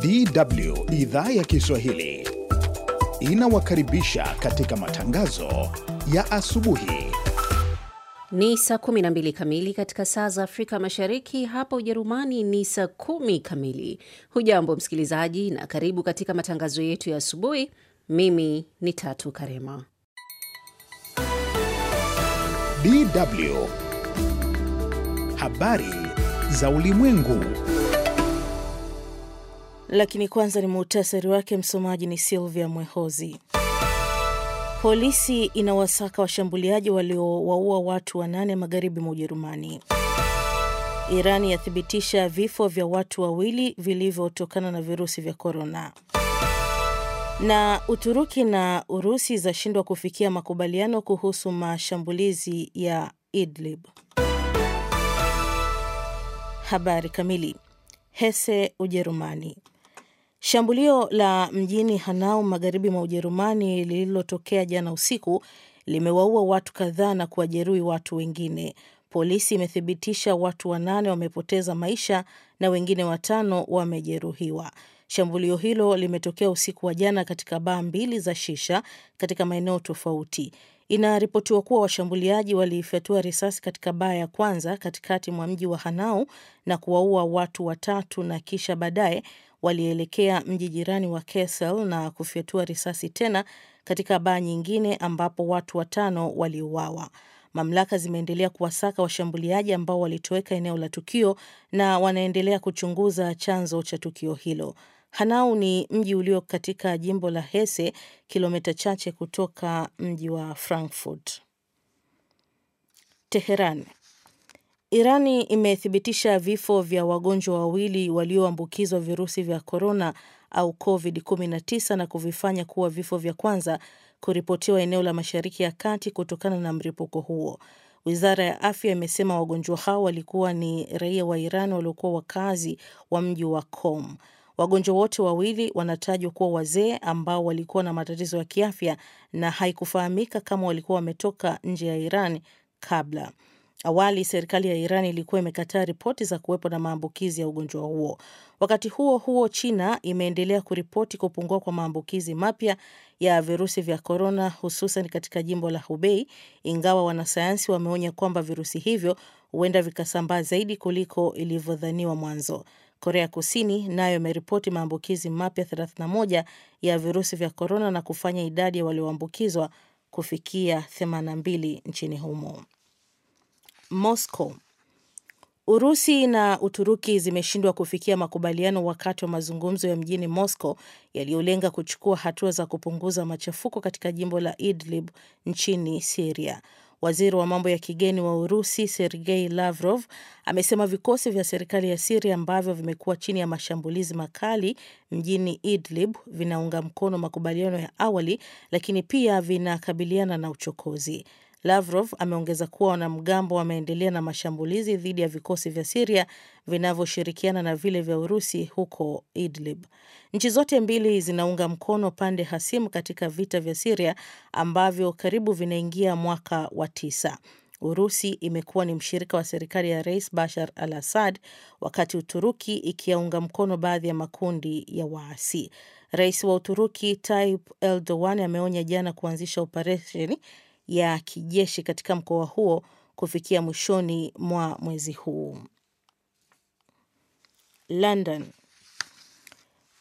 DW idhaa ya Kiswahili inawakaribisha katika matangazo ya asubuhi. Ni saa 12 kamili katika saa za Afrika Mashariki, hapa Ujerumani ni saa 10 kamili. Hujambo msikilizaji, na karibu katika matangazo yetu ya asubuhi. Mimi ni Tatu Karema. DW habari za ulimwengu lakini kwanza ni muhtasari wake. Msomaji ni Silvia Mwehozi. Polisi inawasaka washambuliaji waliowaua watu wanane magharibi mwa Ujerumani. Irani yathibitisha vifo vya watu wawili vilivyotokana na virusi vya korona. Na Uturuki na Urusi zashindwa kufikia makubaliano kuhusu mashambulizi ya Idlib. Habari kamili. Hesse, Ujerumani. Shambulio la mjini Hanau magharibi mwa Ujerumani lililotokea jana usiku limewaua watu kadhaa na kuwajeruhi watu wengine. Polisi imethibitisha watu wanane wamepoteza maisha na wengine watano wamejeruhiwa. Shambulio hilo limetokea usiku wa jana katika baa mbili za shisha katika maeneo tofauti. Inaripotiwa kuwa washambuliaji walifyatua risasi katika baa ya kwanza katikati mwa mji wa Hanau na kuwaua watu watatu na kisha baadaye walielekea mji jirani wa Kassel na kufyatua risasi tena katika baa nyingine ambapo watu watano waliuawa. Mamlaka zimeendelea kuwasaka washambuliaji ambao walitoweka eneo la tukio na wanaendelea kuchunguza chanzo cha tukio hilo. Hanau ni mji ulio katika jimbo la Hesse, kilomita chache kutoka mji wa Frankfurt. Teheran. Irani imethibitisha vifo vya wagonjwa wawili walioambukizwa virusi vya korona au COVID-19 na kuvifanya kuwa vifo vya kwanza kuripotiwa eneo la Mashariki ya Kati kutokana na mlipuko huo. Wizara ya afya imesema wagonjwa hao walikuwa ni raia wa Iran waliokuwa wakazi wa mji wa Qom. Wagonjwa wote wawili wanatajwa kuwa wazee ambao walikuwa na matatizo ya kiafya na haikufahamika kama walikuwa wametoka nje ya Iran kabla. Awali serikali ya Iran ilikuwa imekataa ripoti za kuwepo na maambukizi ya ugonjwa huo. Wakati huo huo, China imeendelea kuripoti kupungua kwa maambukizi mapya ya virusi vya korona, hususan katika jimbo la Hubei, ingawa wanasayansi wameonya kwamba virusi hivyo huenda vikasambaa zaidi kuliko ilivyodhaniwa mwanzo. Korea Kusini nayo imeripoti maambukizi mapya 31 ya virusi vya korona na kufanya idadi ya walioambukizwa kufikia 82 nchini humo. Moscow. Urusi na Uturuki zimeshindwa kufikia makubaliano wakati wa mazungumzo ya mjini Moscow yaliyolenga kuchukua hatua za kupunguza machafuko katika jimbo la Idlib nchini siria Waziri wa mambo ya kigeni wa Urusi Sergei Lavrov amesema vikosi vya serikali ya Siria ambavyo vimekuwa chini ya mashambulizi makali mjini Idlib vinaunga mkono makubaliano ya awali, lakini pia vinakabiliana na uchokozi. Lavrov ameongeza kuwa wanamgambo wameendelea na mashambulizi dhidi ya vikosi vya Siria vinavyoshirikiana na vile vya Urusi huko Idlib. Nchi zote mbili zinaunga mkono pande hasimu katika vita vya Siria ambavyo karibu vinaingia mwaka wa tisa. Urusi imekuwa ni mshirika wa serikali ya Rais Bashar al Assad, wakati Uturuki ikiyaunga mkono baadhi ya makundi ya waasi. Rais wa Uturuki Tayyip Erdogan ameonya jana kuanzisha operesheni ya kijeshi katika mkoa huo kufikia mwishoni mwa mwezi huu. London.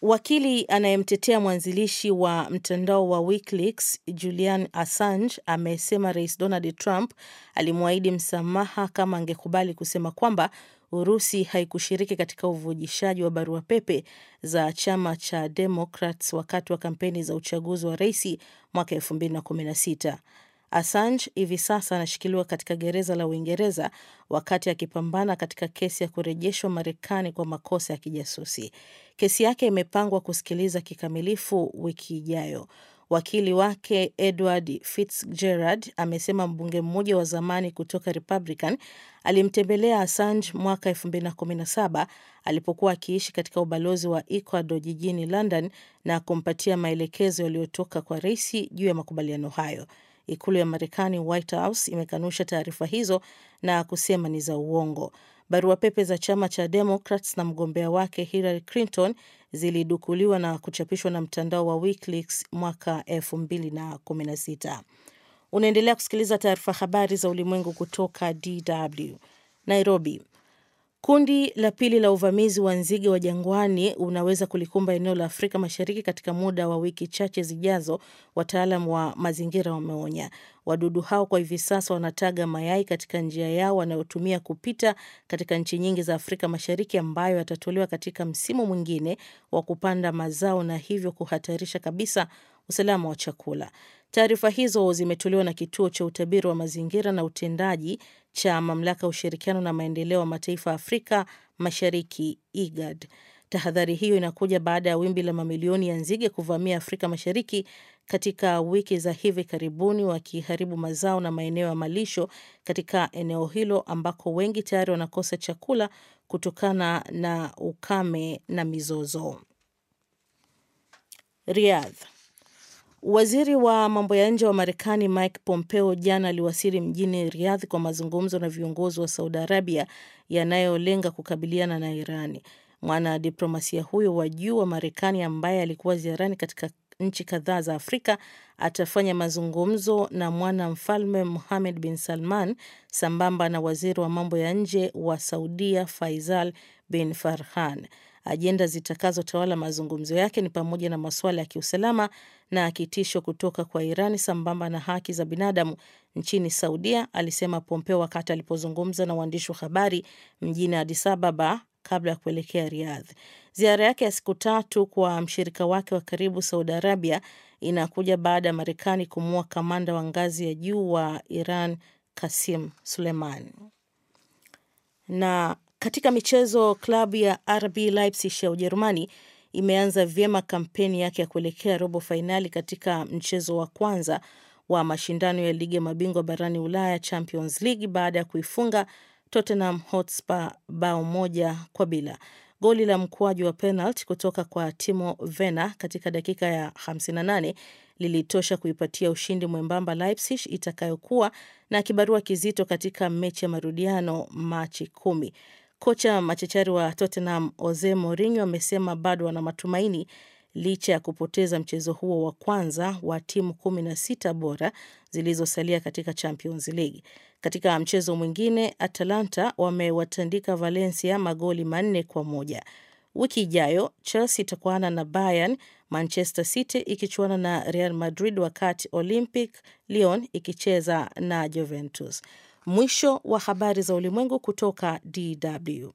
Wakili anayemtetea mwanzilishi wa mtandao wa WikiLeaks Julian Assange amesema Rais Donald Trump alimwahidi msamaha kama angekubali kusema kwamba Urusi haikushiriki katika uvujishaji wa barua pepe za chama cha Democrats wakati wa kampeni za uchaguzi wa rais mwaka 2016. Assange hivi sasa anashikiliwa katika gereza la Uingereza wakati akipambana katika kesi ya kurejeshwa Marekani kwa makosa ya kijasusi. Kesi yake imepangwa kusikiliza kikamilifu wiki ijayo. Wakili wake Edward Fitzgerald amesema mbunge mmoja wa zamani kutoka Republican alimtembelea Assange mwaka 2017 alipokuwa akiishi katika ubalozi wa Ecuador jijini London na kumpatia maelekezo yaliyotoka kwa rais juu ya makubaliano hayo. Ikulu ya Marekani, White House, imekanusha taarifa hizo na kusema ni za uongo. Barua pepe za chama cha Democrats na mgombea wake Hillary Clinton zilidukuliwa na kuchapishwa na mtandao wa WikiLeaks mwaka 2016. Unaendelea kusikiliza taarifa habari za ulimwengu kutoka DW Nairobi. Kundi la pili la uvamizi wa nzige wa jangwani unaweza kulikumba eneo la Afrika Mashariki katika muda wa wiki chache zijazo, wataalam wa mazingira wameonya. Wadudu hao kwa hivi sasa wanataga mayai katika njia yao wanayotumia kupita katika nchi nyingi za Afrika Mashariki, ambayo yatatolewa katika msimu mwingine wa kupanda mazao na hivyo kuhatarisha kabisa usalama wa chakula. Taarifa hizo zimetolewa na kituo cha utabiri wa mazingira na utendaji cha mamlaka ya ushirikiano na maendeleo ya mataifa ya Afrika Mashariki, IGAD. Tahadhari hiyo inakuja baada ya wimbi la mamilioni ya nzige kuvamia Afrika Mashariki katika wiki za hivi karibuni, wakiharibu mazao na maeneo ya malisho katika eneo hilo ambako wengi tayari wanakosa chakula kutokana na ukame na mizozo. Riyadh. Waziri wa mambo ya nje wa Marekani Mike Pompeo jana aliwasili mjini Riyadh kwa mazungumzo na viongozi wa Saudi Arabia yanayolenga kukabiliana na Irani. Mwanadiplomasia huyo wa juu wa Marekani ambaye alikuwa ziarani katika nchi kadhaa za Afrika atafanya mazungumzo na mwana mfalme Mohammed bin Salman sambamba na waziri wa mambo ya nje wa Saudia Faisal bin Farhan. Ajenda zitakazotawala mazungumzo yake ni pamoja na masuala ya kiusalama na kitisho kutoka kwa iran sambamba na haki za binadamu nchini Saudia, alisema Pompeo wakati alipozungumza na waandishi wa habari mjini Addis Ababa kabla ya kuelekea Riyadh. Ziara yake ya siku tatu kwa mshirika wake wa karibu Saudi Arabia inakuja baada ya Marekani kumua kamanda wa ngazi ya juu wa Iran Kasim Suleiman Na katika michezo, klabu ya RB Leipzig ya Ujerumani imeanza vyema kampeni yake ya kuelekea robo fainali katika mchezo wa kwanza wa mashindano ya ligi ya mabingwa barani Ulaya, Champions League, baada ya kuifunga Tottenham Hotspur bao moja kwa bila. Goli la mkwaju wa penalti kutoka kwa Timo Werner katika dakika ya 58 lilitosha kuipatia ushindi mwembamba Leipzig itakayokuwa na kibarua kizito katika mechi ya marudiano Machi kumi. Kocha machachari wa Tottenham Jose Mourinho amesema bado wana matumaini licha ya kupoteza mchezo huo wa kwanza wa timu kumi sita bora zilizosalia katika Champions League. Katika mchezo mwingine, Atalanta wamewatandika Valencia magoli manne kwa moja. Wiki ijayo Chelsea itakuana na Bayern, Manchester City ikichuana na Real Madrid, wakati Olympic Lyon ikicheza na Juventus. Mwisho wa habari za ulimwengu kutoka DW.